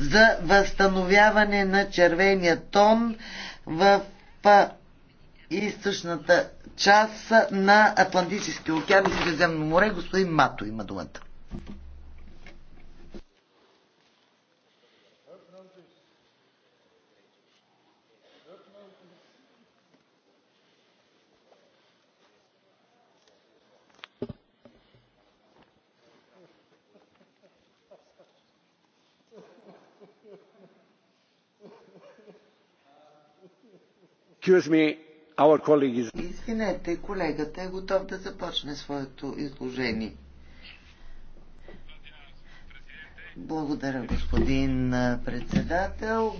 за възстановяване на червения тон в източната част на Атлантическия океан и Средиземно море. Господин Мато има думата. Извинете, колегата е готов да започне своето изложение. Благодаря, господин председател,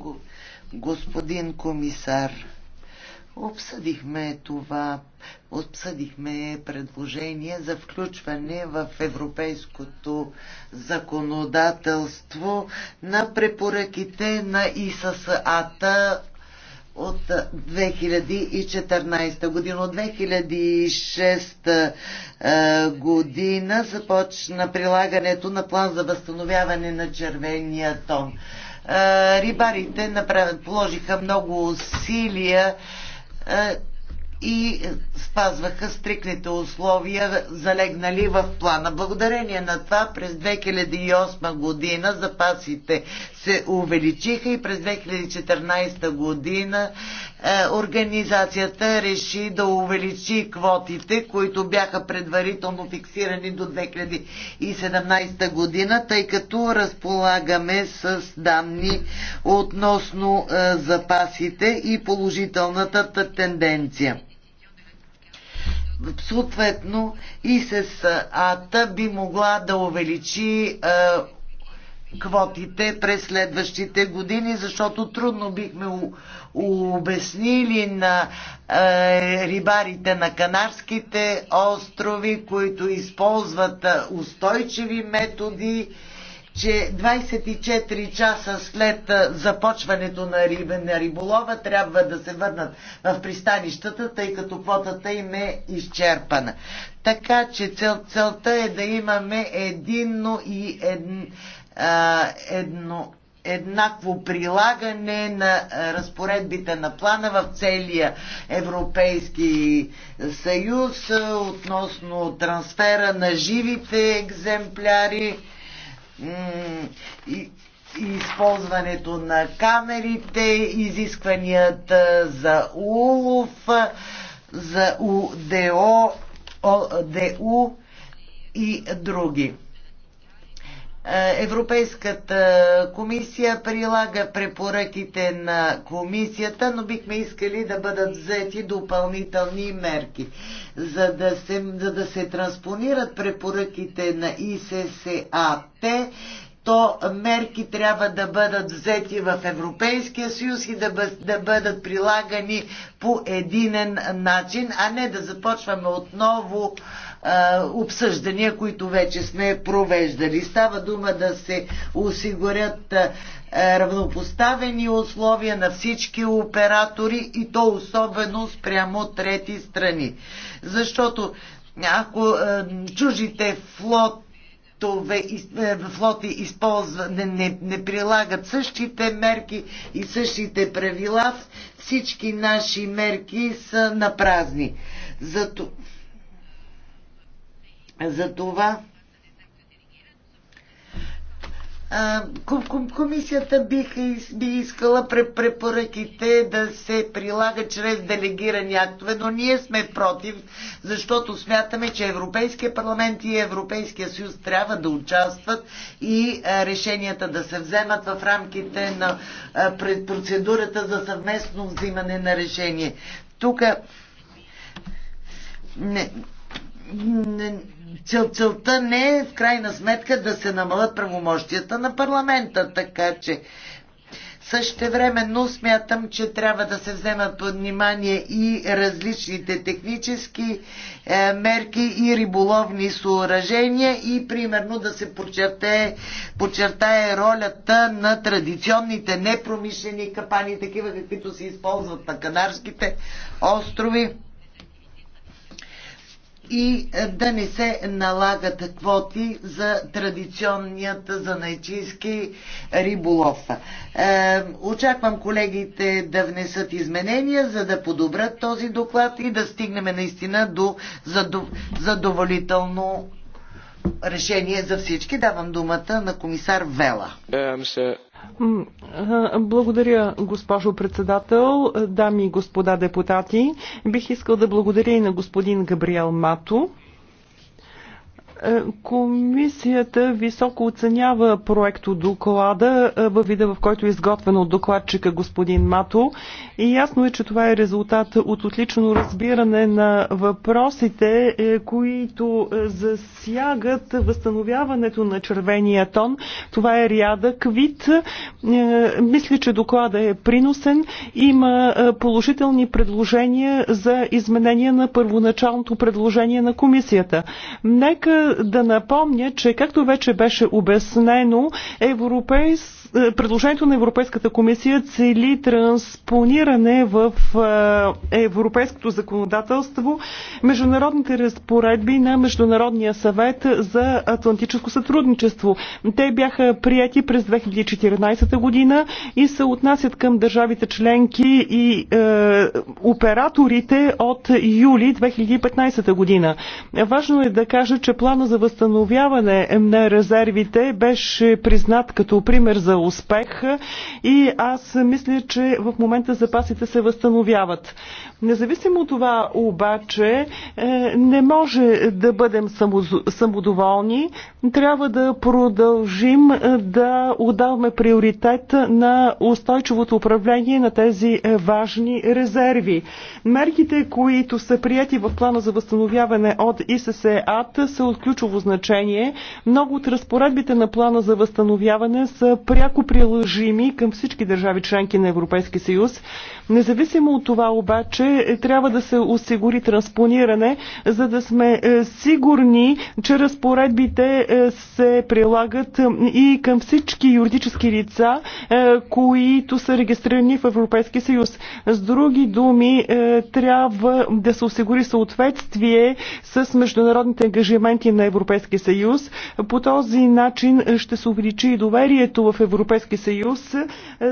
господин комисар. Обсъдихме това, обсъдихме предложение за включване в европейското законодателство на препоръките на ИССАТА от 2014 година. От 2006 година започна прилагането на план за възстановяване на червения тон. Рибарите направят, положиха много усилия и спазваха стрикните условия, залегнали в плана. Благодарение на това през 2008 година запасите се увеличиха и през 2014 година е, организацията реши да увеличи квотите, които бяха предварително фиксирани до 2017 година, тъй като разполагаме с данни относно е, запасите и положителната тенденция съответно и с АТА би могла да увеличи квотите през следващите години, защото трудно бихме обяснили на а, рибарите на Канарските острови, които използват устойчиви методи че 24 часа след започването на, риб, на риболова трябва да се върнат в пристанищата, тъй като квотата им е изчерпана. Така че цел, целта е да имаме единно и ед, а, едно еднакво прилагане на разпоредбите на плана в целия Европейски съюз относно трансфера на живите екземпляри и, използването на камерите, изискванията за улов, за УДО, ОДУ и други. Е, Европейската комисия прилага препоръките на комисията, но бихме искали да бъдат взети допълнителни мерки. За да се, за да се транспонират препоръките на ИССАТ, то мерки трябва да бъдат взети в Европейския съюз и да, да бъдат прилагани по единен начин, а не да започваме отново обсъждания, които вече сме провеждали. Става дума да се осигурят равнопоставени условия на всички оператори и то особено спрямо трети страни. Защото ако чужите флот флотове, е, флоти използва, не, не, не прилагат същите мерки и същите правила. Всички наши мерки са празни. Зато, за това Комисията бих, би искала препоръките да се прилагат чрез делегирани актове, но ние сме против, защото смятаме, че Европейския парламент и Европейския съюз трябва да участват и решенията да се вземат в рамките на процедурата за съвместно взимане на решение. Тук не, не, цел, целта не е в крайна сметка да се намалят правомощията на парламента, така че също но смятам, че трябва да се вземат под внимание и различните технически е, мерки и риболовни съоръжения и примерно да се подчертае, подчертае ролята на традиционните непромишлени капани, такива каквито се използват на Канарските острови и е, да не се налагат квоти за традиционният занайчийски риболов. Е, очаквам колегите да внесат изменения, за да подобрят този доклад и да стигнем наистина до задоволително решение за всички. Давам думата на комисар Вела. Благодаря, госпожо председател, дами и господа депутати. Бих искал да благодаря и на господин Габриел Мато. Е, комисията високо оценява проекто доклада е, във вида, в който е изготвен от докладчика господин Мато. И ясно е, че това е резултат от отлично разбиране на въпросите, е, които засягат възстановяването на червения тон. Това е рядък вид. Мисля, че доклада е приносен. Има положителни предложения за изменение на първоначалното предложение на комисията. Нека да напомня, че както вече беше обяснено, европейски предложението на Европейската комисия цели транспониране в е, европейското законодателство международните разпоредби на Международния съвет за атлантическо сътрудничество. Те бяха прияти през 2014 година и се отнасят към държавите членки и е, операторите от юли 2015 година. Важно е да кажа, че плана за възстановяване на резервите беше признат като пример за успех и аз мисля, че в момента запасите се възстановяват. Независимо от това обаче е, не може да бъдем самодоволни. Трябва да продължим е, да отдаваме приоритет на устойчивото управление на тези е, важни резерви. Мерките, които са прияти в плана за възстановяване от ИССЕАТ са от ключово значение. Много от разпоредбите на плана за възстановяване са пряко пряко приложими към всички държави членки на Европейския съюз. Независимо от това обаче, трябва да се осигури транспониране, за да сме е, сигурни, че разпоредбите е, се прилагат и към всички юридически лица, е, които са регистрирани в Европейския съюз. С други думи, трябва да се осигури съответствие с международните ангажименти на Европейския съюз. По този начин ще се увеличи и доверието в Европейския Европейски съюз е,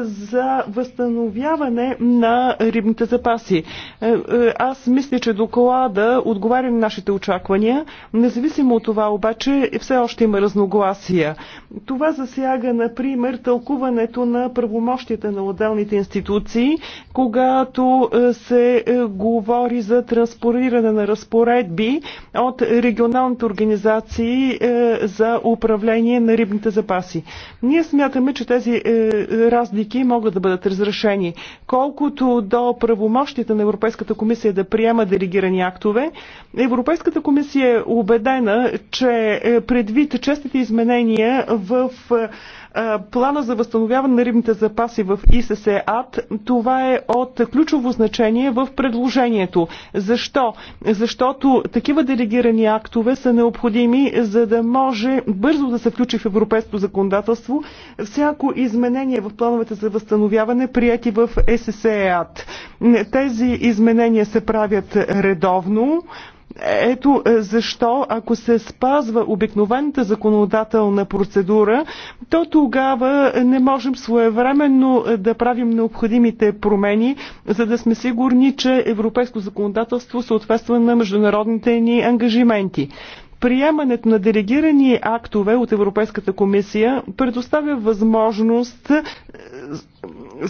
за възстановяване на рибните запаси. Е, е, аз мисля, че доклада отговаря на нашите очаквания. Независимо от това обаче, все още има разногласия. Това засяга, например, тълкуването на правомощията на отделните институции, когато се говори за транспориране на разпоредби от регионалните организации за управление на рибните запаси. Ние смятаме, че тези е, разлики могат да бъдат разрешени. Колкото до правомощите на Европейската комисия да приема делегирани актове, Европейската комисия е убедена, че е, предвид честите изменения в е, Плана за възстановяване на рибните запаси в ИССАД, това е от ключово значение в предложението. Защо? Защото такива делегирани актове са необходими, за да може бързо да се включи в европейското законодателство всяко изменение в плановете за възстановяване, прияти в ССЕАД. Тези изменения се правят редовно. Ето е, защо, ако се спазва обикновената законодателна процедура, то тогава не можем своевременно е, да правим необходимите промени, за да сме сигурни, че европейско законодателство съответства на международните ни ангажименти. Приемането на делегирани актове от Европейската комисия предоставя възможност е,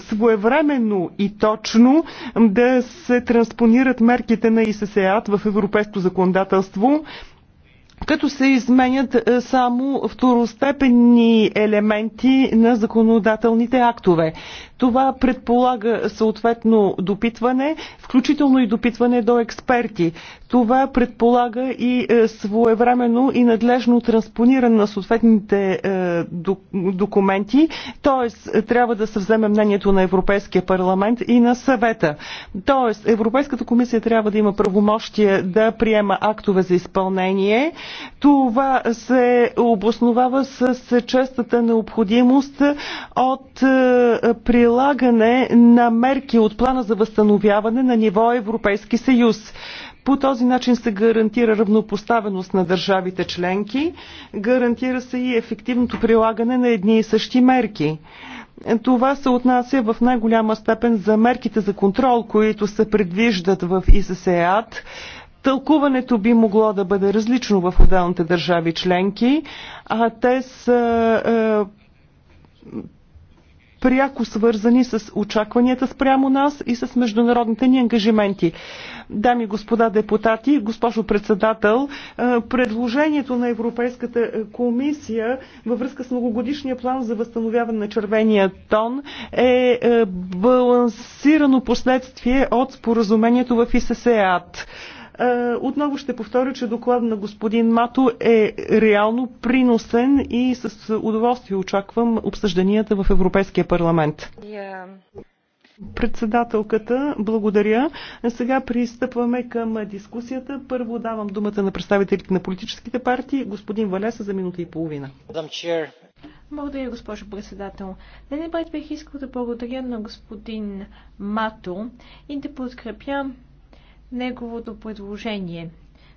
своевременно и точно да се транспонират мерките на ИССЕАТ в европейското законодателство, като се изменят е, само второстепенни елементи на законодателните актове. Това предполага съответно допитване, включително и допитване до експерти. Това предполага и е, своевременно и надлежно транспониране на съответните е, документи, т.е. трябва да се вземе мнението на Европейския парламент и на съвета. Т.е. Европейската комисия трябва да има правомощие да приема актове за изпълнение, това се обосновава с честата необходимост от е, прилагане на мерки от плана за възстановяване на ниво Европейски съюз. По този начин се гарантира равнопоставеност на държавите членки, гарантира се и ефективното прилагане на едни и същи мерки. Това се отнася в най-голяма степен за мерките за контрол, които се предвиждат в ИССЕАД Тълкуването би могло да бъде различно в отделните държави членки, а те са е, пряко свързани с очакванията спрямо нас и с международните ни ангажименти. Дами и господа депутати, госпожо председател, е, предложението на Европейската комисия във връзка с многогодишния план за възстановяване на червения тон е, е балансирано последствие от споразумението в ИССЕАД. Е, отново ще повторя, че доклад на господин Мато е реално приносен и с удоволствие очаквам обсъжданията в Европейския парламент. Председателката, благодаря. Сега пристъпваме към дискусията. Първо давам думата на представителите на политическите партии. Господин Валеса за минута и половина. Благодаря, госпожо председател. Днес бих искал да благодаря на господин Мато и да подкрепя неговото предложение.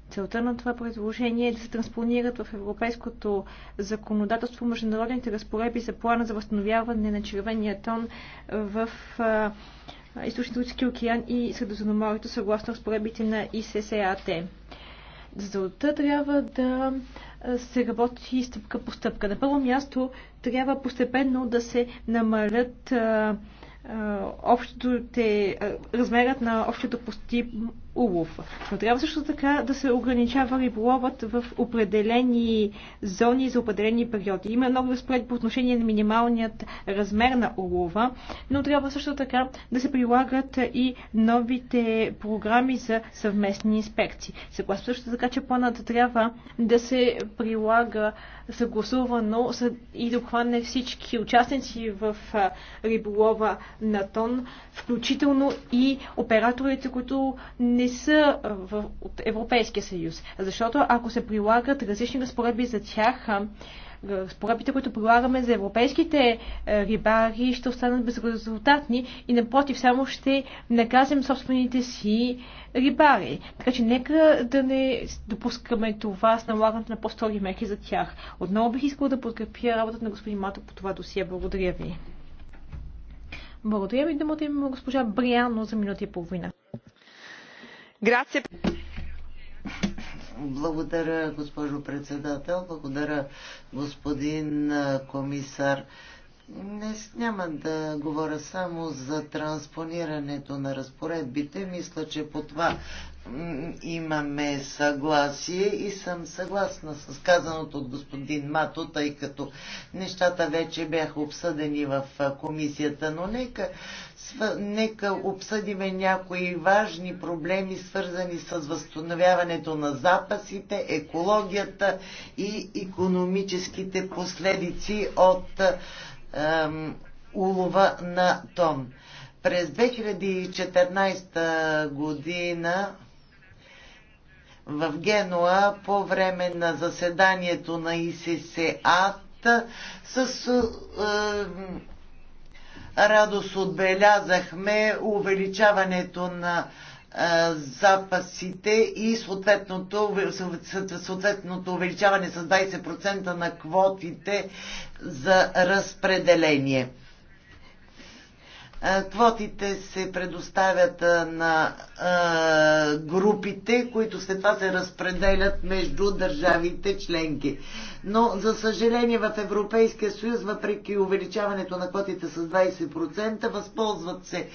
Целта на това предложение е да се транспонират в европейското законодателство международните разпоредби за плана за възстановяване на червения тон в източно руски океан и Средоземноморието съгласно разпоредбите на ИССАТ. Целта трябва да се работи стъпка по стъпка. На първо място трябва постепенно да се намалят общите, размерът на общото улов. Но трябва също така да се ограничава риболовът в определени зони за определени периоди. Има много разпред по отношение на минималният размер на улова, но трябва също така да се прилагат и новите програми за съвместни инспекции. Съгласно също така, че планът трябва да се прилага съгласувано и да обхване всички участници в риболова на тон, включително и операторите, които не не са в, от Европейския съюз. Защото ако се прилагат различни разпоредби за тях, разпоредбите, които прилагаме за европейските е, рибари, ще останат безрезултатни и напротив, само ще наказим собствените си рибари. Така че нека да не допускаме това с налагането на по-строги мерки за тях. Отново бих искала да подкрепя работата на господин Мато по това досие. Благодаря ви. Благодаря ви, думата има госпожа Бриано за минута и половина. Благодаря, госпожо председател. Благодаря, господин комисар. Днес няма да говоря само за транспонирането на разпоредбите. Мисля, че по това имаме съгласие и съм съгласна с казаното от господин Мато, тъй като нещата вече бяха обсъдени в комисията, но нека, нека обсъдиме някои важни проблеми, свързани с възстановяването на запасите, екологията и економическите последици от ем, улова на тон. През 2014 година в Генуа по време на заседанието на ИССА с е, радост отбелязахме увеличаването на запасите и съответното, съответното увеличаване с 20% на квотите за разпределение. Квотите се предоставят на групите, които след това се разпределят между държавите членки. Но, за съжаление, в Европейския съюз, въпреки увеличаването на квотите с 20%, възползват се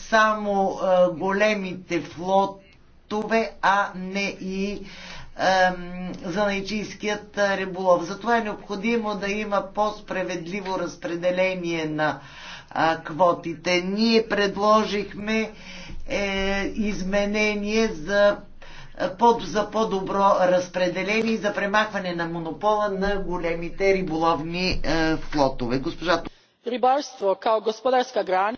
само големите флотове, а не и за найчийският риболов. Затова е необходимо да има по-справедливо разпределение на а, квотите. Ние предложихме е, изменение за е, под, за по-добро разпределение и за премахване на монопола на големите риболовни е, флотове. Госпожа Рибарство као господарска грана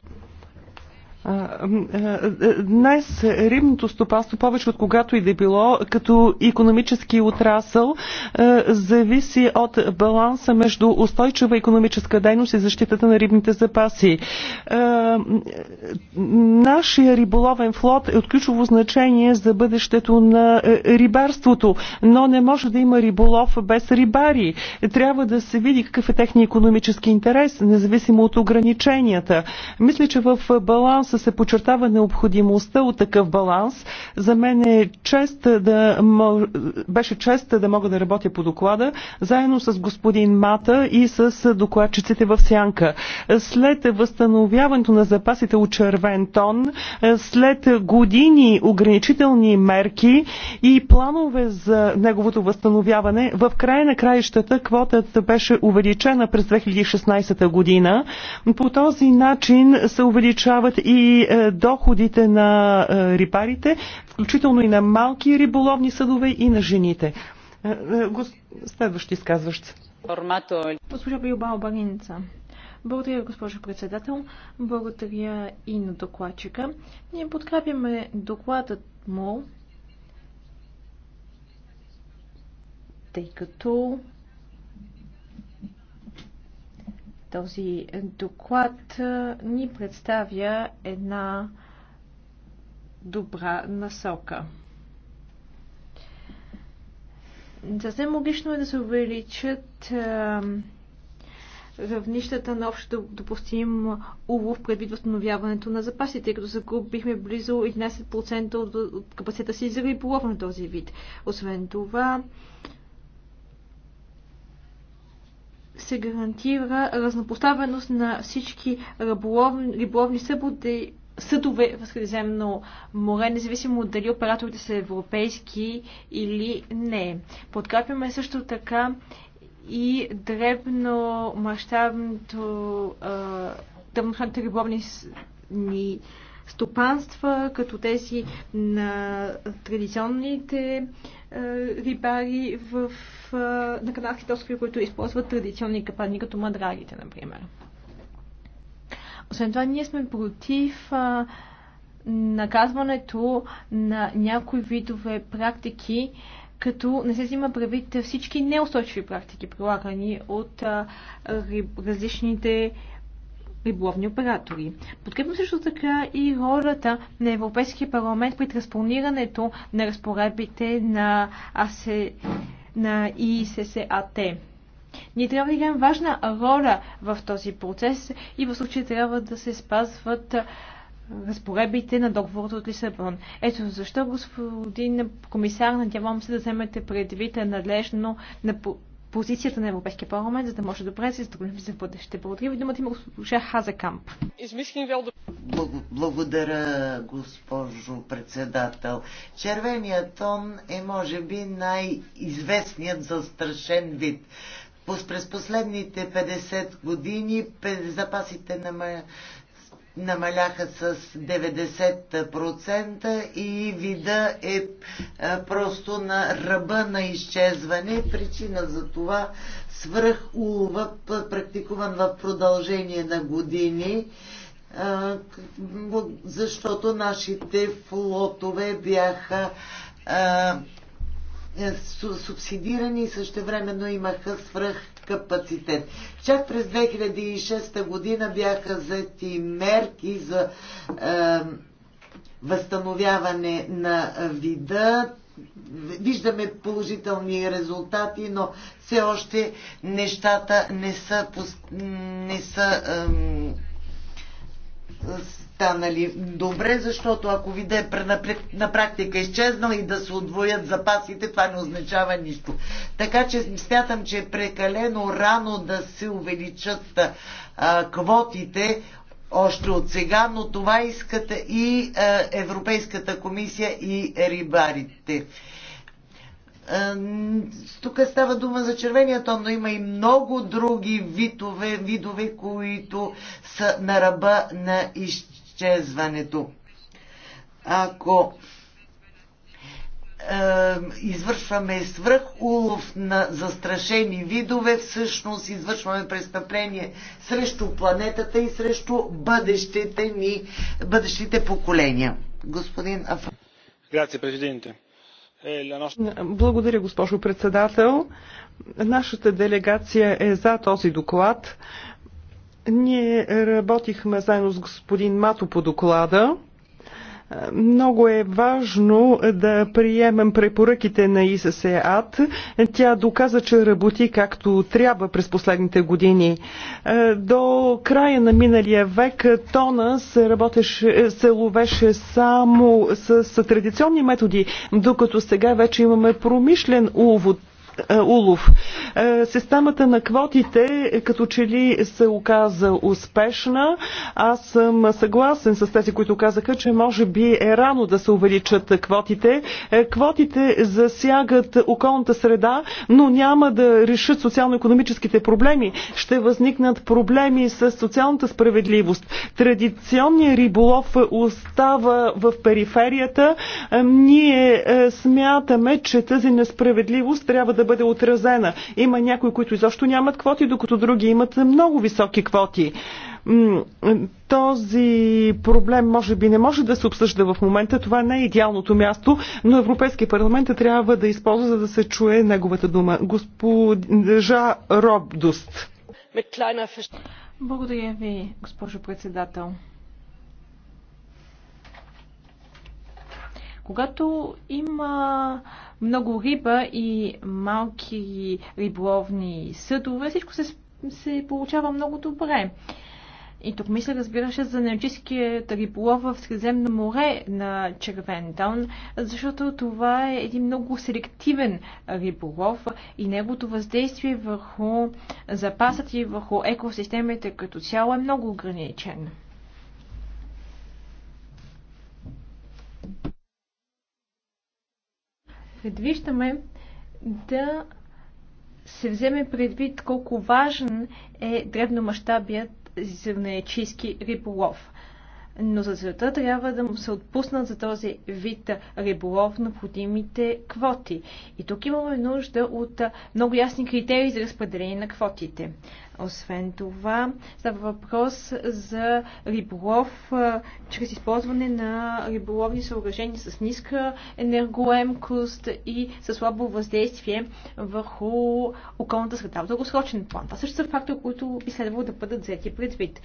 Днес рибното стопанство повече от когато и да е било като економически отрасъл зависи от баланса между устойчива економическа дейност и защитата на рибните запаси. Нашия риболовен флот е от ключово значение за бъдещето на е, рибарството, но не може да има риболов без рибари. Трябва да се види какъв е техния економически интерес, независимо от ограниченията. Мисля, че в баланса доклад се почертава необходимостта от такъв баланс. За мен е чест да, беше чест да мога да работя по доклада, заедно с господин Мата и с докладчиците в Сянка. След възстановяването на запасите от червен тон, след години ограничителни мерки и планове за неговото възстановяване, в края на краищата квотата беше увеличена през 2016 година. По този начин се увеличават и е, доходите на е, рибарите, включително и на малки риболовни съдове и на жените. Е, Следващи изказващи. Госпожа Билбао Баринца. Благодаря, госпожо председател. Благодаря и на докладчика. Ние подкрепяме докладът му, тъй като Този доклад ни представя една добра насока. Съвсем логично е да се увеличат равнищата на общо допустим улов предвид възстановяването на запасите, тъй като загубихме близо 11% от капацитета си за риболов на този вид. Освен това, се гарантира разнопоставеност на всички риболовни, съботи съдове в Средиземно море, независимо дали операторите са европейски или не. Подкрепяме също така и дребно мащабното тъмношните риболовни ни стопанства, като тези на традиционните е, рибари в, е, на канадските острови, които използват традиционни капани, като мадрагите, например. Освен това, ние сме против е, наказването на някои видове практики, като не се взима правите всички неустойчиви практики, прилагани от а, риб, различните риболовни оператори. Подкрепям също така и ролята на Европейския парламент при транспонирането на разпоредбите на, АСЕ, на ИССАТ. Ние трябва да играем важна роля в този процес и в случай трябва да се спазват разпоредбите на договорът от Лисабон. Ето защо, господин комисар, надявам се да вземете предвид надлежно на позицията на Европейския парламент, за да може добре да се задоволим за бъдеще. Благодаря ви думата има госпожа Хазакамп. Благодаря, госпожо председател. Червеният тон е, може би, най-известният застрашен вид. През последните 50 години запасите на намаляха с 90% и вида е, е просто на ръба на изчезване. Причина за това свръх улова, практикуван в продължение на години, е, защото нашите флотове бяха е, е, субсидирани и същевременно имаха свръх капацитет. Чак през 2006 година бяха взети мерки за е, възстановяване на вида. Виждаме положителни резултати, но все още нещата не са, не са е, станали добре, защото ако виде на практика изчезнал и да се отвоят запасите, това не означава нищо. Така че смятам, че е прекалено рано да се увеличат а, квотите още от сега, но това искат и а, Европейската комисия и рибарите. Тук става дума за червения тон, но има и много други видове, видове които са на ръба на изчезване изчезването. Ако е, извършваме свръх улов на застрашени видове, всъщност извършваме престъпление срещу планетата и срещу бъдещите ни, бъдещите поколения. Господин Афа. Грация, президенте. Е, Благодаря, госпожо председател. Нашата делегация е за този доклад. Ние работихме заедно с господин Мато по доклада. Много е важно да приемем препоръките на ИССЕАД. Тя доказа, че работи както трябва през последните години. До края на миналия век тона се, работеше, се ловеше само с, с традиционни методи, докато сега вече имаме промишлен увод е, улов. Е, системата на квотите е, като че ли се оказа успешна. Аз съм съгласен с тези, които казаха, че може би е рано да се увеличат квотите. Квотите засягат околната среда, но няма да решат социално-економическите проблеми. Ще възникнат проблеми с социалната справедливост. Традиционният риболов остава в периферията. Ние смятаме, че тази несправедливост трябва да бъде отразена. Има някои, които изобщо нямат квоти, докато други имат много високи квоти. Този проблем може би не може да се обсъжда в момента. Това не е идеалното място, но Европейския парламент трябва да използва, за да се чуе неговата дума. Госпожа Робдост. Благодаря ви, госпожо председател. Когато има много риба и малки риболовни съдове. Всичко се, се получава много добре. И тук мисля, разбира се, за наемческият риболов в Средземно море на Червентаун, защото това е един много селективен риболов и неговото въздействие върху запасът и върху екосистемите като цяло е много ограничен. предвиждаме да се вземе предвид колко важен е дребномащабият зърнечийски риболов но за целта трябва да му се отпуснат за този вид риболов необходимите квоти. И тук имаме нужда от много ясни критерии за разпределение на квотите. Освен това, става въпрос за риболов чрез използване на риболовни съоръжения с ниска енергоемкост и с слабо въздействие върху околната среда в дългосрочен план. Това също са фактори, които би следвало да бъдат взети предвид.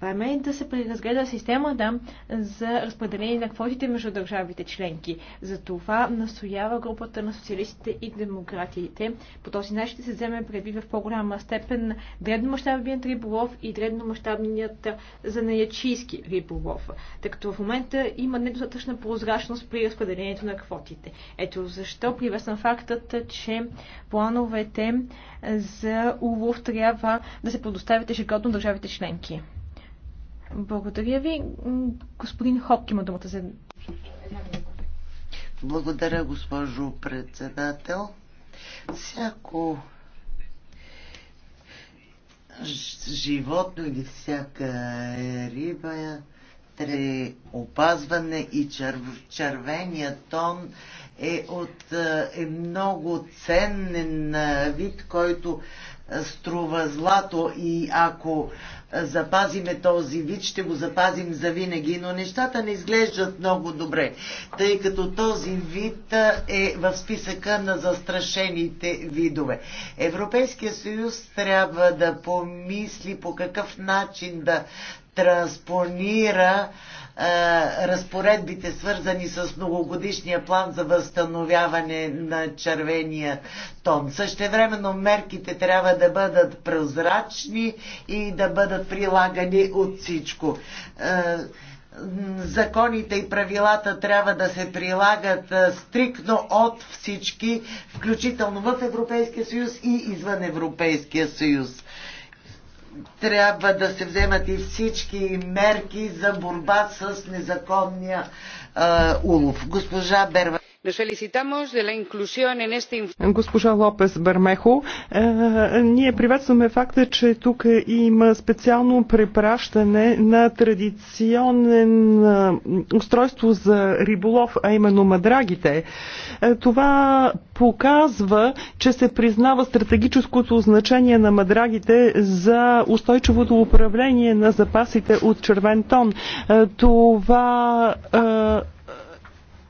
Време е да се преразгледа системата за разпределение на квотите между държавите членки. За това настоява групата на социалистите и демократите. По този начин ще се вземе предвид в по-голяма степен дредномащабният риболов и дредномащабният занаячийски риболов, тъй като в момента има недостатъчна прозрачност при разпределението на квотите. Ето защо привесна фактът, че плановете за улов трябва да се предоставят ежегодно държавите членки. Благодаря ви. Господин Хоп има думата за Благодаря, госпожо председател. Всяко животно или всяка риба тре опазване и черв, червения тон е, от, е много ценен вид, който струва злато и ако запазиме този вид, ще го запазим за винаги, но нещата не изглеждат много добре, тъй като този вид е в списъка на застрашените видове. Европейския съюз трябва да помисли по какъв начин да транспонира е, разпоредбите, свързани с многогодишния план за възстановяване на червения тон. Същевременно мерките трябва да бъдат прозрачни и да бъдат прилагани от всичко. Е, законите и правилата трябва да се прилагат е, стрикно от всички, включително в Европейския съюз и извън Европейския съюз трябва да се вземат и всички мерки за борба с незаконния а, улов. Госпожа Берва. Госпожа Лопес Бермехо, е, ние приветстваме факта, че тук има специално препращане на традиционен е, устройство за риболов, а именно мадрагите. Е, това показва, че се признава стратегическото значение на мадрагите за устойчивото управление на запасите от червен тон. Това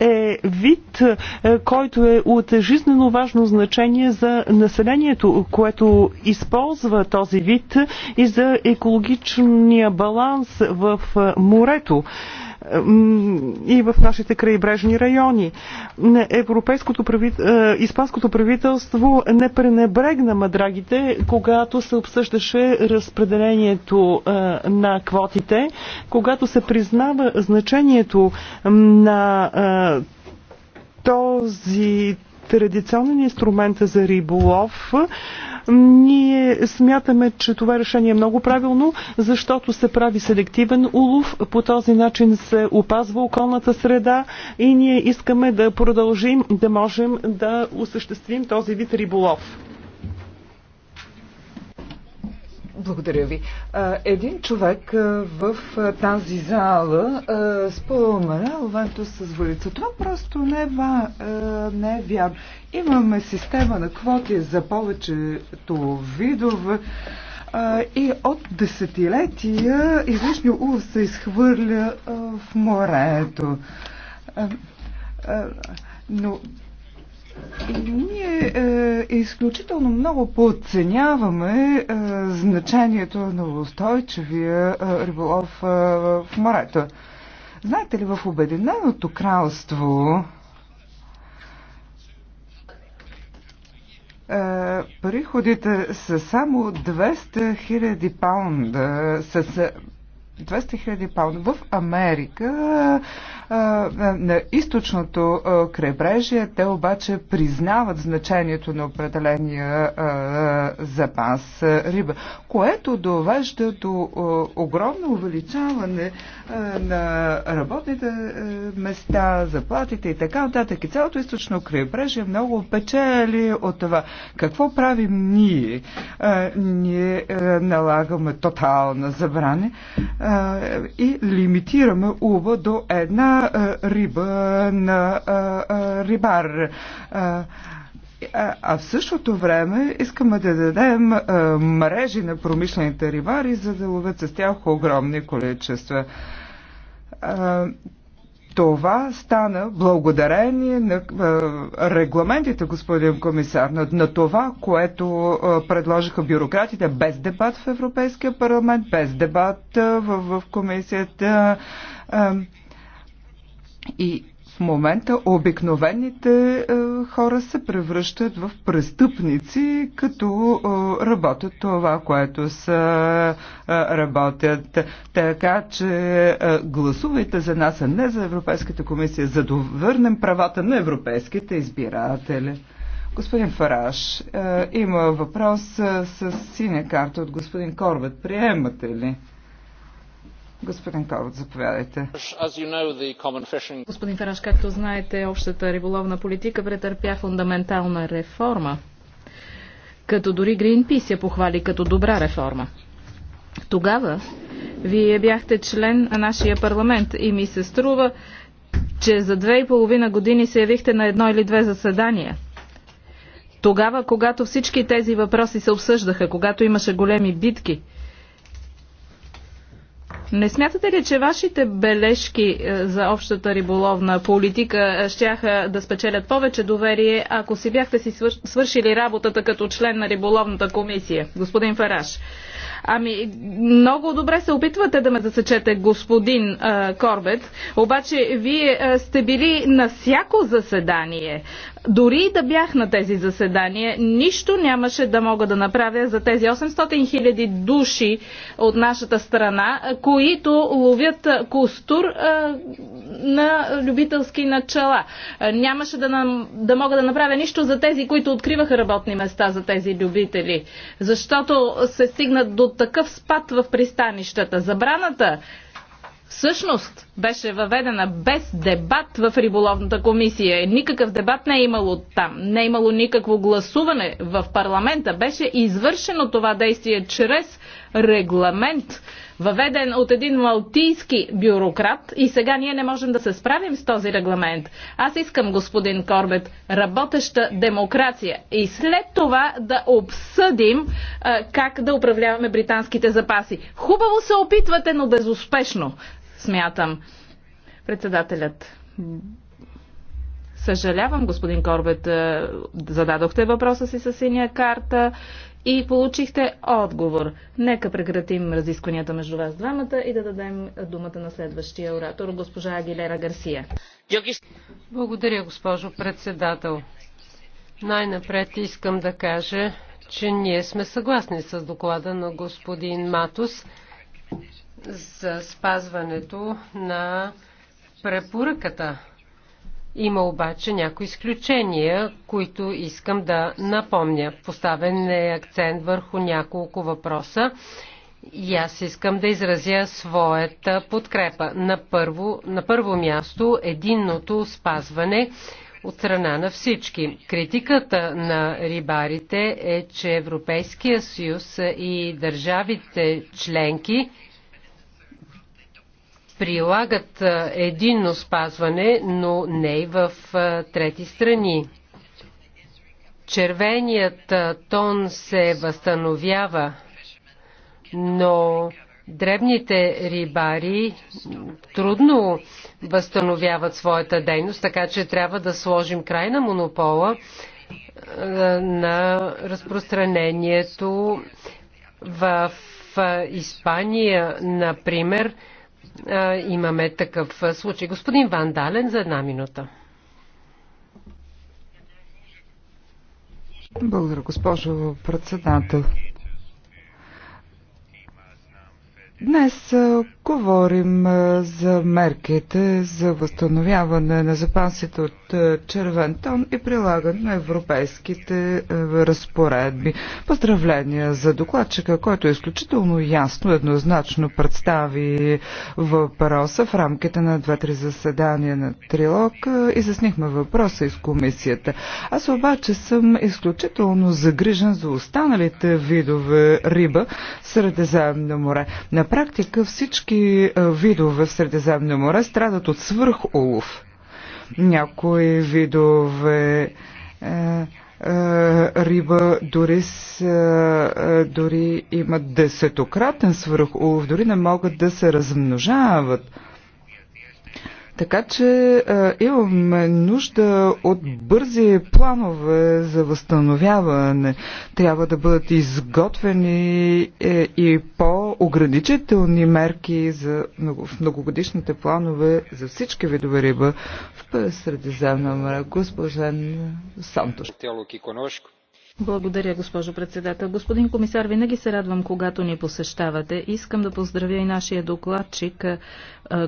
е вид, е, който е от жизнено важно значение за населението, което използва този вид и за екологичния баланс в е, морето и в нашите крайбрежни райони. Европейското прави... Е, испанското правителство не пренебрегна мадрагите, когато се обсъждаше разпределението е, на квотите, когато се признава значението на е, този традиционен инструмент за риболов. Ние смятаме, че това решение е много правилно, защото се прави селективен улов, по този начин се опазва околната среда и ние искаме да продължим да можем да осъществим този вид риболов. Благодаря ви. Един човек в тази зала спомена ловенто с валица. Това просто не е, не е вярно. Имаме система на квоти за повечето видове и от десетилетия излишния улов се изхвърля в морето. Но ние е, изключително много подценяваме е, значението на устойчивия е, риболов е, в морето. Знаете ли, в Обединеното кралство е, приходите са само 200 000 паунда. С 200 000 паунда. В Америка, на източното крайбрежие, те обаче признават значението на определения запас риба, което довежда до огромно увеличаване на работните места, заплатите и така нататък. И цялото източно крайбрежие много печели от това. Какво правим ние? Ние налагаме тотална забране и лимитираме улва до една риба на рибар. А в същото време искаме да дадем мрежи на промишлените рибари, за да ловят с тях огромни количества това стана благодарение на е, регламентите, господин комисар, на, на това, което е, предложиха бюрократите без дебат в Европейския парламент, без дебат е, в, в комисията. И в момента обикновените е, хора се превръщат в престъпници, като е, работят това, което са е, работят. Така че гласувайте за нас, а не за Европейската комисия, за да върнем правата на европейските избиратели. Господин Фараш, има въпрос с синя карта от господин Корбет. Приемате ли? Господин Корот, заповядайте. Господин Фараш, както знаете, общата риболовна политика претърпя фундаментална реформа, като дори Гринпис я похвали като добра реформа. Тогава вие бяхте член на нашия парламент и ми се струва, че за две и половина години се явихте на едно или две заседания. Тогава, когато всички тези въпроси се обсъждаха, когато имаше големи битки – не смятате ли, че вашите бележки е, за общата риболовна политика е, щяха да спечелят повече доверие, ако си бяхте си свършили работата като член на риболовната комисия? Господин Фараш, Ами, много добре се опитвате да ме засечете, господин а, Корбет, обаче вие а, сте били на всяко заседание. Дори да бях на тези заседания, нищо нямаше да мога да направя за тези 800 хиляди души от нашата страна, които ловят костур а, на любителски начала. А, нямаше да, нам, да мога да направя нищо за тези, които откриваха работни места за тези любители, защото се стигнат до такъв спад в пристанищата. Забраната всъщност беше въведена без дебат в риболовната комисия. Е, никакъв дебат не е имало там. Не е имало никакво гласуване в парламента. Беше извършено това действие чрез регламент въведен от един малтийски бюрократ и сега ние не можем да се справим с този регламент. Аз искам, господин Корбет, работеща демокрация и след това да обсъдим а, как да управляваме британските запаси. Хубаво се опитвате, но безуспешно, смятам. Председателят. Съжалявам, господин Корбет, зададохте въпроса си с синия карта и получихте отговор. Нека прекратим разискванията между вас двамата и да дадем думата на следващия оратор, госпожа Агилера Гарсия. Благодаря, госпожо председател. Най-напред искам да кажа, че ние сме съгласни с доклада на господин Матус за спазването на препоръката има обаче някои изключения, които искам да напомня. Поставен е акцент върху няколко въпроса и аз искам да изразя своята подкрепа. На първо, на първо място единното спазване от страна на всички. Критиката на рибарите е, че Европейския съюз и държавите членки прилагат единно спазване, но не и в трети страни. Червеният тон се възстановява, но дребните рибари трудно възстановяват своята дейност, така че трябва да сложим край на монопола на разпространението в Испания, например, имаме такъв случай. Господин Ван Дален за една минута. Благодаря, госпожо председател. Днес говорим за мерките за възстановяване на запасите от е, червен тон и прилагане на европейските е, разпоредби. Поздравления за докладчика, който изключително ясно, еднозначно представи въпроса в рамките на две-три заседания на Трилог. Е, заснихме въпроса из комисията. Аз обаче съм изключително загрижен за останалите видове риба в Средиземно море. На практика всички видове в Средиземно море страдат от свърхулов някои видове е, е, риба дори, с, е, дори имат десетократен свръхулов, дори не могат да се размножават. Така че а, е, имаме нужда от бързи планове за възстановяване. Трябва да бъдат изготвени е, и по-ограничителни мерки за много, в многогодишните планове за всички видове риба в Средиземна моря. Госпожен Сантош. Благодаря, госпожо председател. Господин комисар, винаги се радвам, когато ни посещавате. Искам да поздравя и нашия докладчик,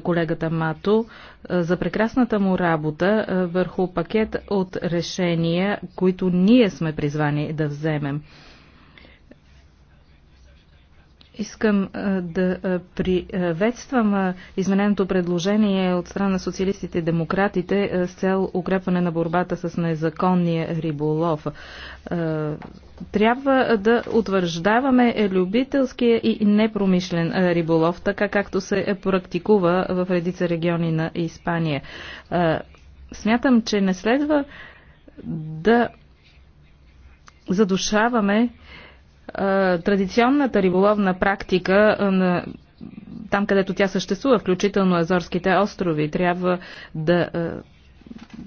колегата Мато, за прекрасната му работа върху пакет от решения, които ние сме призвани да вземем. Искам да приветствам измененото предложение от страна на социалистите и демократите с цел укрепване на борбата с незаконния риболов. Трябва да утвърждаваме любителския и непромишлен риболов, така както се практикува в редица региони на Испания. Смятам, че не следва да задушаваме традиционната риболовна практика на там, където тя съществува, включително Азорските острови, трябва да е,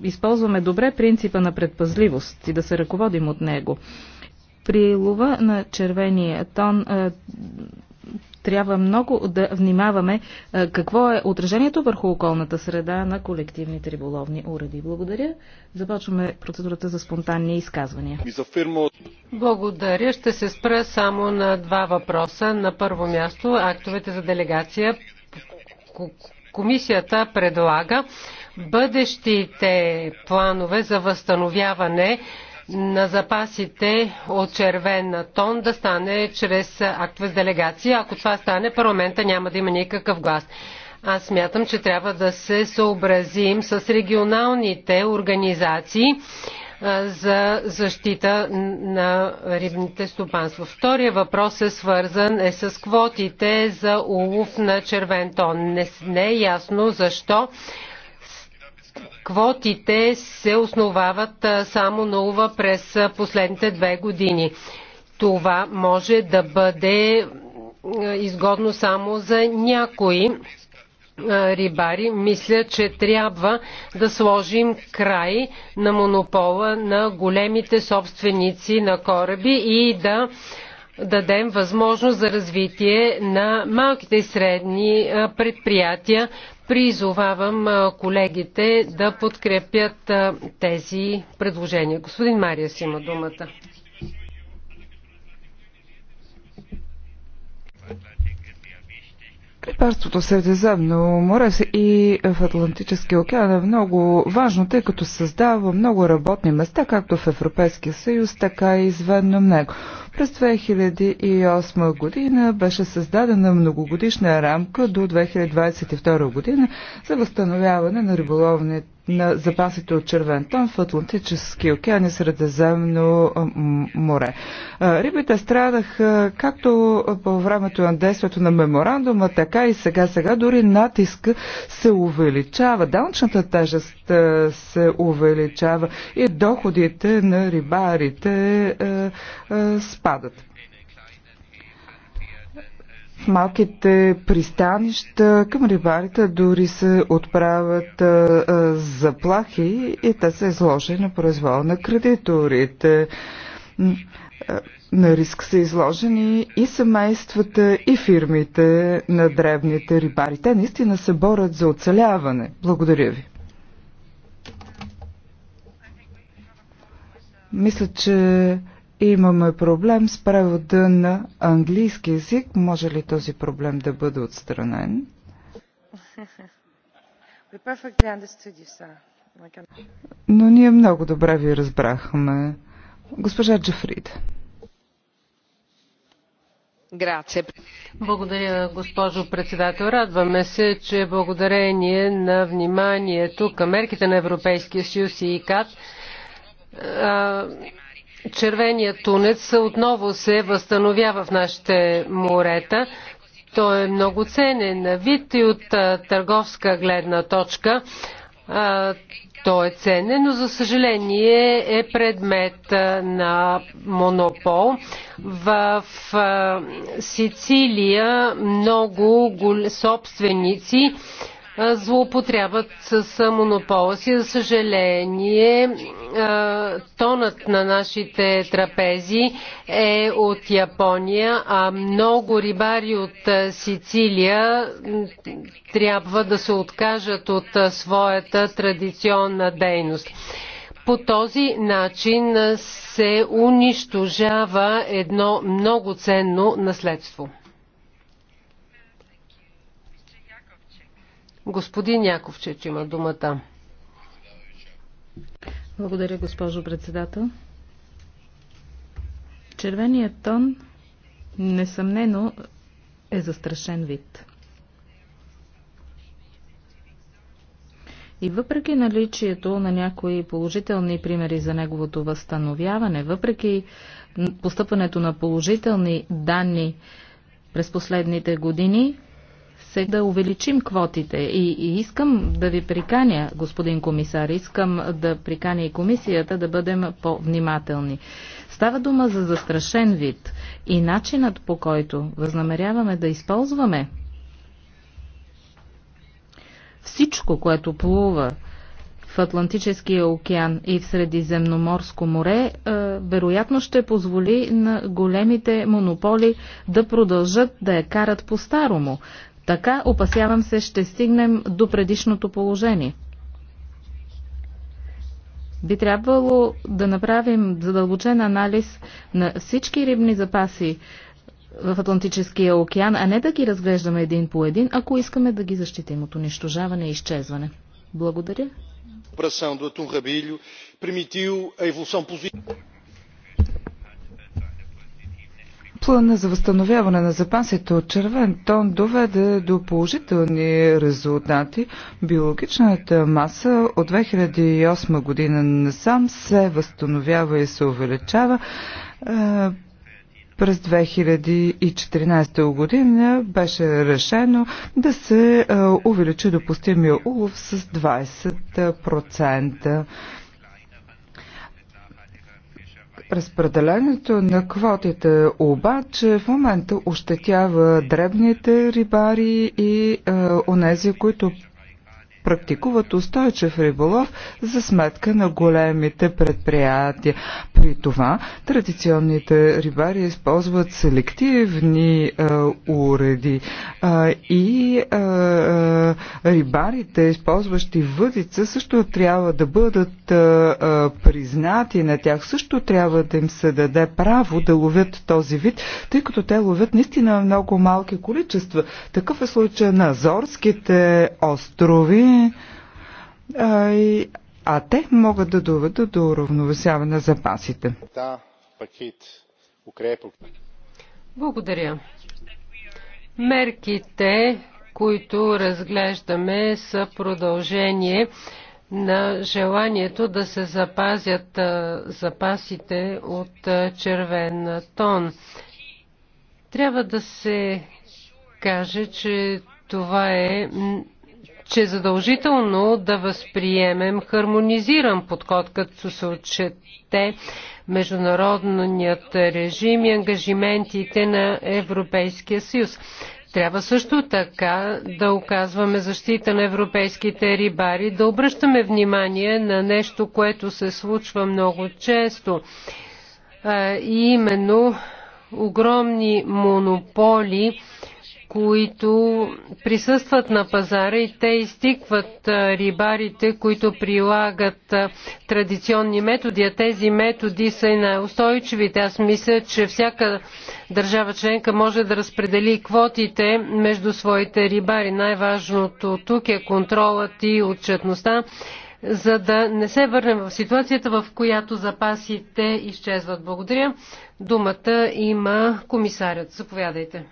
използваме добре принципа на предпазливост и да се ръководим от него. При лова на червения тон е, трябва много да внимаваме какво е отражението върху околната среда на колективните риболовни уреди. Благодаря. Започваме процедурата за спонтанни изказвания. Благодаря. Ще се спра само на два въпроса. На първо място актовете за делегация. Комисията предлага бъдещите планове за възстановяване на запасите от червен тон да стане чрез актове с делегация. Ако това стане, парламента няма да има никакъв глас. Аз смятам, че трябва да се съобразим с регионалните организации за защита на рибните стопанства. Втория въпрос е свързан е с квотите за улов на червен тон. Не, не е ясно защо Квотите се основават само на улова през последните две години. Това може да бъде изгодно само за някои рибари. Мисля, че трябва да сложим край на монопола на големите собственици на кораби и да дадем възможност за развитие на малките и средни предприятия. Призовавам колегите да подкрепят тези предложения. Господин Мария си има думата. Рибарството в Средиземно море и в Атлантическия океан е много важно, тъй като създава много работни места, както в Европейския съюз, така и извън него. През 2008 година беше създадена многогодишна рамка до 2022 година за възстановяване на риболовните на запасите от червен тон в Атлантически океан и Средиземно море. Рибите страдаха както по времето на действието на меморандума, така и сега. Сега дори натиск се увеличава, данчната тежест се увеличава и доходите на рибарите спадат в малките пристанища към рибарите дори се отправят а, а, заплахи и те са изложени на произвол на кредиторите. На риск са изложени и семействата, и фирмите на древните рибари. Те наистина се борят за оцеляване. Благодаря ви. Мисля, че Имаме проблем с превода на английски язик. Може ли този проблем да бъде отстранен? Но ние много добре ви разбрахме. Госпожа Джафрид. Благодаря, госпожо председател. Радваме се, че благодарение на вниманието към мерките на Европейския съюз и ИКАТ червеният тунец отново се възстановява в нашите морета. Той е много ценен вид и от търговска гледна точка. Той е ценен, но за съжаление е предмет на монопол. В Сицилия много собственици злоупотребят с монопола си. За съжаление, тонът на нашите трапези е от Япония, а много рибари от Сицилия трябва да се откажат от своята традиционна дейност. По този начин се унищожава едно много ценно наследство. Господин Яковчеч има думата. Благодаря, госпожо председател. Червеният тон несъмнено е застрашен вид. И въпреки наличието на някои положителни примери за неговото възстановяване, въпреки постъпването на положителни данни през последните години, се да увеличим квотите. И, и искам да ви приканя, господин комисар, искам да приканя и комисията да бъдем по-внимателни. Става дума за застрашен вид и начинът по който възнамеряваме да използваме всичко, което плува в Атлантическия океан и в Средиземноморско море, е, вероятно ще позволи на големите монополи да продължат да я карат по-старому. Така, опасявам се, ще стигнем до предишното положение. Би трябвало да направим задълбочен анализ на всички рибни запаси в Атлантическия океан, а не да ги разглеждаме един по един, ако искаме да ги защитим от унищожаване и изчезване. Благодаря. Плана за възстановяване на запасите от червен тон доведе до положителни резултати. Биологичната маса от 2008 година насам се възстановява и се увеличава. Е, през 2014 година беше решено да се е, увеличи допустимия улов с 20%. Разпределението на квотите обаче в момента ощетява дребните рибари и е, онези, които практикуват устойчив риболов за сметка на големите предприятия. При това традиционните рибари използват селективни а, уреди а, и а, а, рибарите, използващи въдица, също трябва да бъдат а, а, признати на тях. Също трябва да им се даде право да ловят този вид, тъй като те ловят наистина много малки количества. Такъв е случай на Зорските острови, и, а те могат да доведат до уравновесяване на запасите. Благодаря. Мерките, които разглеждаме, са продължение на желанието да се запазят запасите от червен тон. Трябва да се каже, че това е че е задължително да възприемем хармонизиран подход, като се отчете международният режим и ангажиментите на Европейския съюз. Трябва също така да оказваме защита на европейските рибари, да обръщаме внимание на нещо, което се случва много често. И именно огромни монополи които присъстват на пазара и те изтикват рибарите, които прилагат традиционни методи, а тези методи са и най-устойчивите. Аз мисля, че всяка държава членка може да разпредели квотите между своите рибари. Най-важното тук е контролът и отчетността за да не се върнем в ситуацията, в която запасите изчезват. Благодаря. Думата има комисарят. Заповядайте.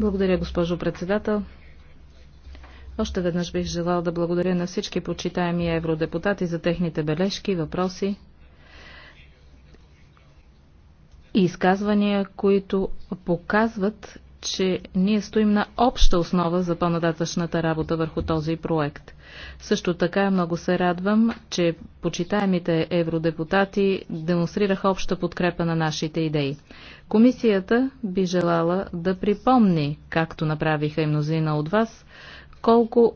Благодаря, госпожо председател. Още веднъж бих желал да благодаря на всички почитаеми евродепутати за техните бележки, въпроси и изказвания, които показват, че ние стоим на обща основа за по-нататъчната работа върху този проект. Също така много се радвам, че почитаемите евродепутати демонстрираха обща подкрепа на нашите идеи. Комисията би желала да припомни, както направиха и мнозина от вас, колко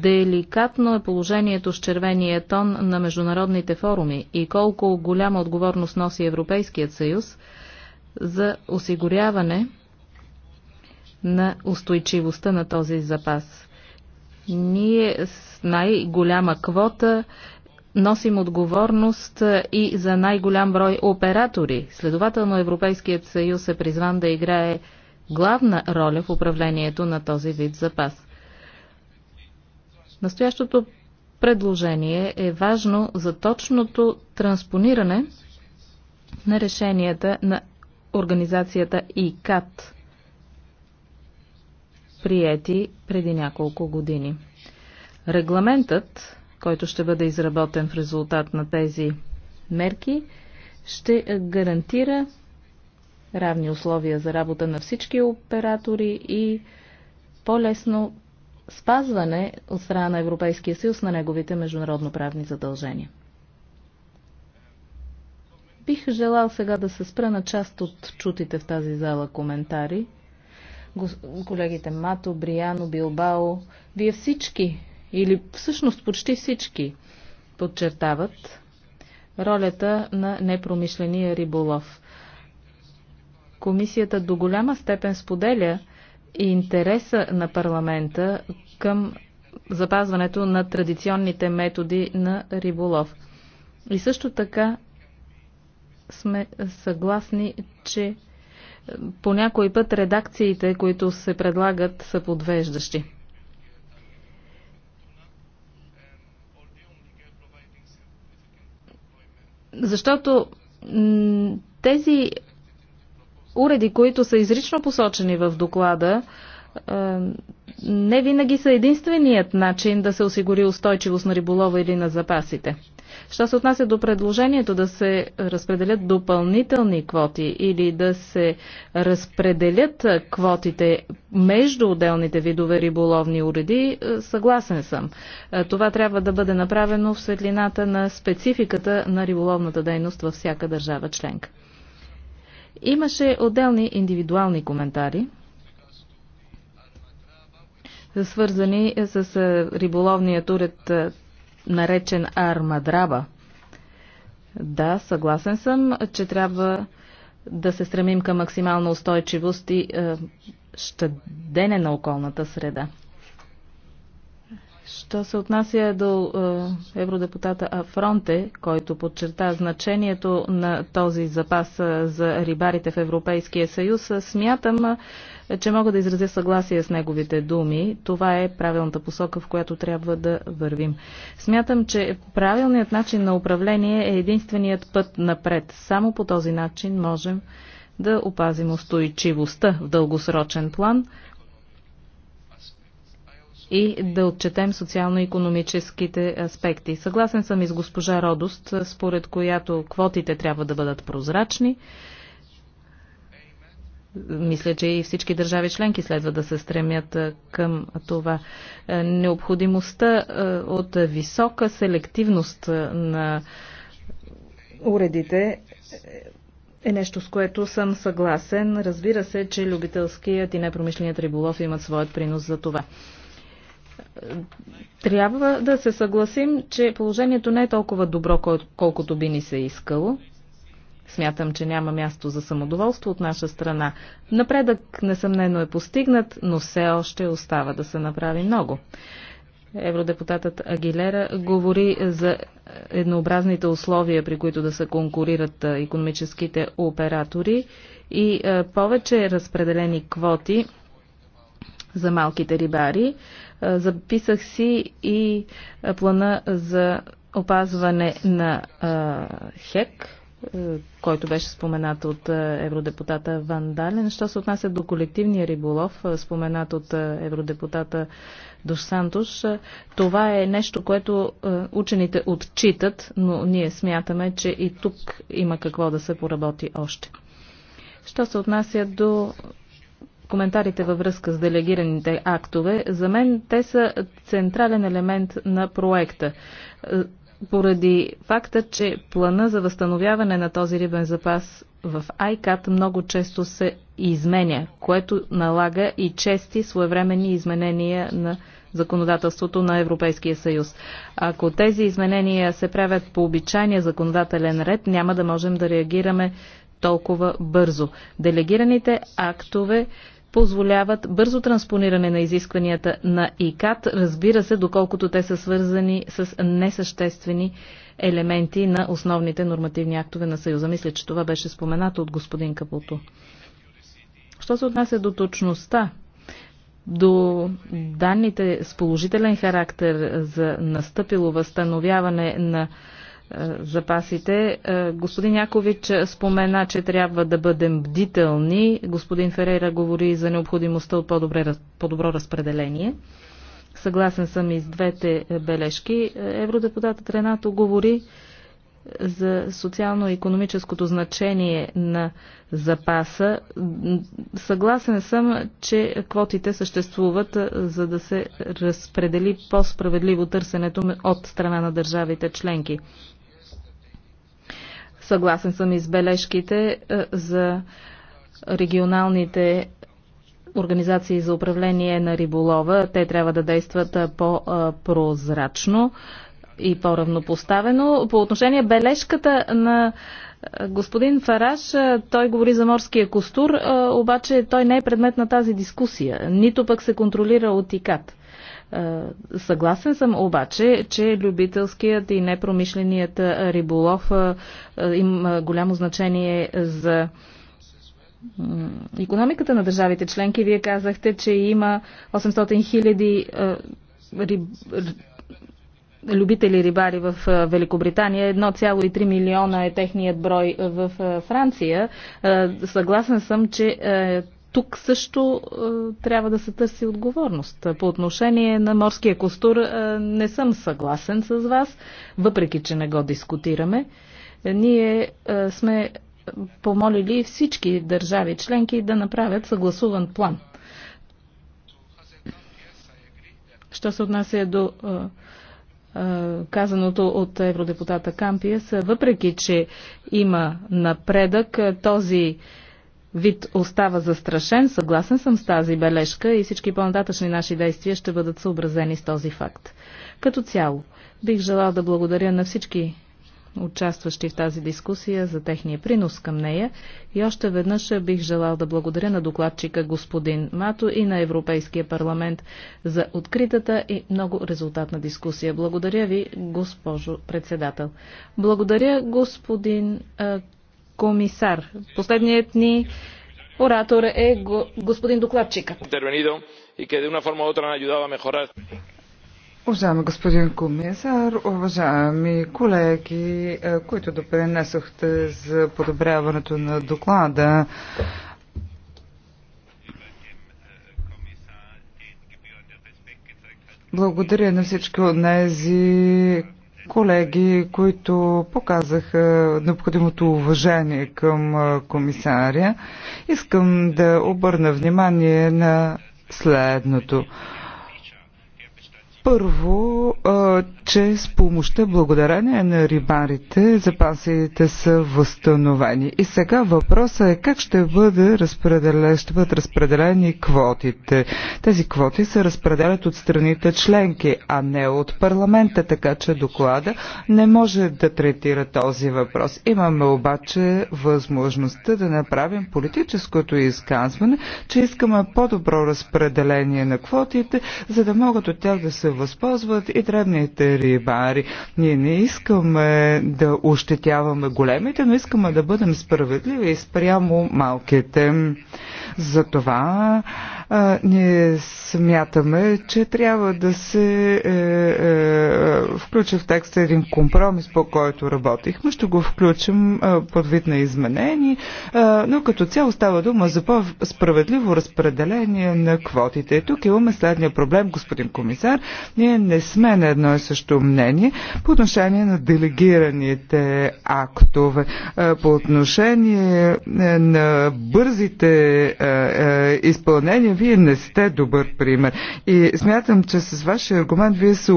деликатно е положението с червения тон на международните форуми и колко голяма отговорност носи Европейският съюз за осигуряване на устойчивостта на този запас. Ние с най-голяма квота носим отговорност е, и за най-голям брой оператори. Следователно Европейският съюз е призван да играе главна роля в управлението на този вид запас. Настоящото предложение е важно за точното транспониране на решенията на организацията ИКАТ, приети преди няколко години. Регламентът който ще бъде изработен в резултат на тези мерки, ще гарантира равни условия за работа на всички оператори и по-лесно спазване от страна на Европейския съюз на неговите международноправни задължения. Бих желал сега да се спра на част от чутите в тази зала коментари. Колегите Мато, Брияно, Билбао, вие всички или всъщност почти всички подчертават ролята на непромишления риболов. Комисията до голяма степен споделя и интереса на парламента към запазването на традиционните методи на риболов. И също така сме съгласни, че по някой път редакциите, които се предлагат, са подвеждащи. Защото тези уреди, които са изрично посочени в доклада, не винаги са единственият начин да се осигури устойчивост на риболова или на запасите. Що се отнася до предложението да се разпределят допълнителни квоти или да се разпределят квотите между отделните видове риболовни уреди, е, съгласен съм. Е, това трябва да бъде направено в светлината на спецификата на риболовната дейност във всяка държава членка. Имаше отделни индивидуални коментари свързани с е, риболовният уред наречен армадраба. Да, съгласен съм, че трябва да се стремим към максимална устойчивост и е, щадене на околната среда. Що се отнася до е, евродепутата Афронте, който подчерта значението на този запас е, за рибарите в Европейския съюз, е, смятам, е, че мога да изразя съгласие с неговите думи. Това е правилната посока, в която трябва да вървим. Смятам, че правилният начин на управление е единственият път напред. Само по този начин можем да опазим устойчивостта в дългосрочен план – и да отчетем социално-економическите аспекти. Съгласен съм и с госпожа Родост, според която квотите трябва да бъдат прозрачни. Мисля, че и всички държави членки следва да се стремят към това. Необходимостта от висока селективност на уредите е нещо, с което съм съгласен. Разбира се, че любителският и непромишленият риболов имат своят принос за това. Трябва да се съгласим, че положението не е толкова добро, колкото би ни се искало. Смятам, че няма място за самодоволство от наша страна. Напредък несъмнено е постигнат, но все още остава да се направи много. Евродепутатът Агилера говори за еднообразните условия, при които да се конкурират економическите оператори и повече разпределени квоти за малките рибари. Е, записах си и е, плана за опазване на е, ХЕК, който беше споменат от евродепутата Ван Дален. Що се отнася до колективния риболов, споменат от евродепутата Дош Сантош, това е нещо, което учените отчитат, но ние смятаме, че и тук има какво да се поработи още. Що се отнася до коментарите във връзка с делегираните актове, за мен те са централен елемент на проекта. Е, поради факта, че плана за възстановяване на този рибен запас в Айкат много често се изменя, което налага и чести своевременни изменения на законодателството на Европейския съюз. Ако тези изменения се правят по обичайния законодателен ред, няма да можем да реагираме толкова бързо. Делегираните актове позволяват бързо транспониране на изискванията на ИКАТ, разбира се, доколкото те са свързани с несъществени елементи на основните нормативни актове на Съюза. Мисля, че това беше споменато от господин Капуто. Що се отнася до точността, до данните с положителен характер за настъпило възстановяване на е, запасите. Е, господин Якович спомена, че трябва да бъдем бдителни. Господин Ферейра говори за необходимостта от по-добре, по-добро разпределение. Съгласен съм и с двете бележки. Евродепутатът Ренато говори за социално-економическото значение на запаса. Съгласен съм, че квотите съществуват е, за да се разпредели по-справедливо търсенето от страна на държавите членки. Съгласен съм и с бележките е, за регионалните организации за управление на риболова. Те трябва да действат е, по-прозрачно и по-равнопоставено. По отношение бележката на е, господин Фараш, той говори за морския костур, обаче той не е предмет на тази дискусия, нито пък се контролира от ИКАТ. Е, съгласен съм обаче, че любителският и непромишленият риболов е, е, има голямо значение за економиката на държавите членки. Вие казахте, че има 800 хиляди риб... любители рибари в Великобритания. 1,3 милиона е техният брой в Франция. Съгласен съм, че тук също е, трябва да се търси отговорност. По отношение на морския костур е, не съм съгласен с вас, въпреки че не го дискутираме. Е, ние е, сме помолили всички държави членки да направят съгласуван план. Що се отнася до е, е казаното от евродепутата Кампиес, въпреки че има напредък, е, този е, вид остава застрашен. Съгласен съм с тази бележка и всички по-нататъчни наши действия ще бъдат съобразени с този факт. Като цяло, бих желал да благодаря на всички участващи в тази дискусия за техния принос към нея и още веднъж бих желал да благодаря на докладчика господин Мато и на Европейския парламент за откритата и много резултатна дискусия. Благодаря ви, госпожо председател. Благодаря, господин комисар. Последният ни оратор е господин докладчикът. Уважаеми господин комисар, уважаеми колеги, е, които допринесохте за подобряването на доклада, благодаря на всички от тези, колеги, които показаха необходимото уважение към комисаря. Искам да обърна внимание на следното. Първо, че с помощта, благодарение на рибарите, запасите са възстановени. И сега въпросът е как ще, бъде разпределен, ще бъдат разпределени квотите. Тези квоти се разпределят от страните членки, а не от парламента, така че доклада не може да третира този въпрос. Имаме обаче възможността да направим политическото изказване, че искаме по-добро разпределение на квотите, за да могат от тях да се възползват и дребните рибари. Ние не искаме да ощетяваме големите, но искаме да бъдем справедливи спрямо малките. Затова а, ние смятаме, че трябва да се е, е, включи в текста един компромис, по който работихме. Ще го включим е, под вид на изменени, е, но като цяло става дума за по-справедливо разпределение на квотите. Тук имаме следния проблем, господин комисар. Ние не сме на едно и също мнение по отношение на делегираните актове, е, по отношение е, на бързите е, е, изпълнения вие не сте добър пример. И смятам, че с вашия аргумент вие се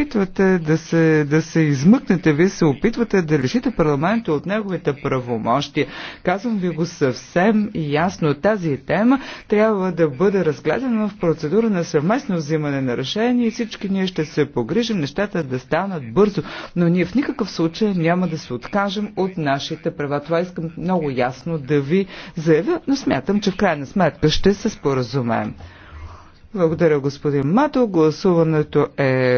опитвате да се, да се измъкнете, вие се опитвате да решите парламента от неговите правомощи. Казвам ви го съвсем ясно. Тази тема трябва да бъде разгледана в процедура на съвместно взимане на решение и всички ние ще се погрижим нещата да станат бързо. Но ние в никакъв случай няма да се откажем от нашите права. Това искам много ясно да ви заявя, но смятам, че в крайна сметка ще се споразумеем. Благодаря, господин Мато. Гласуването е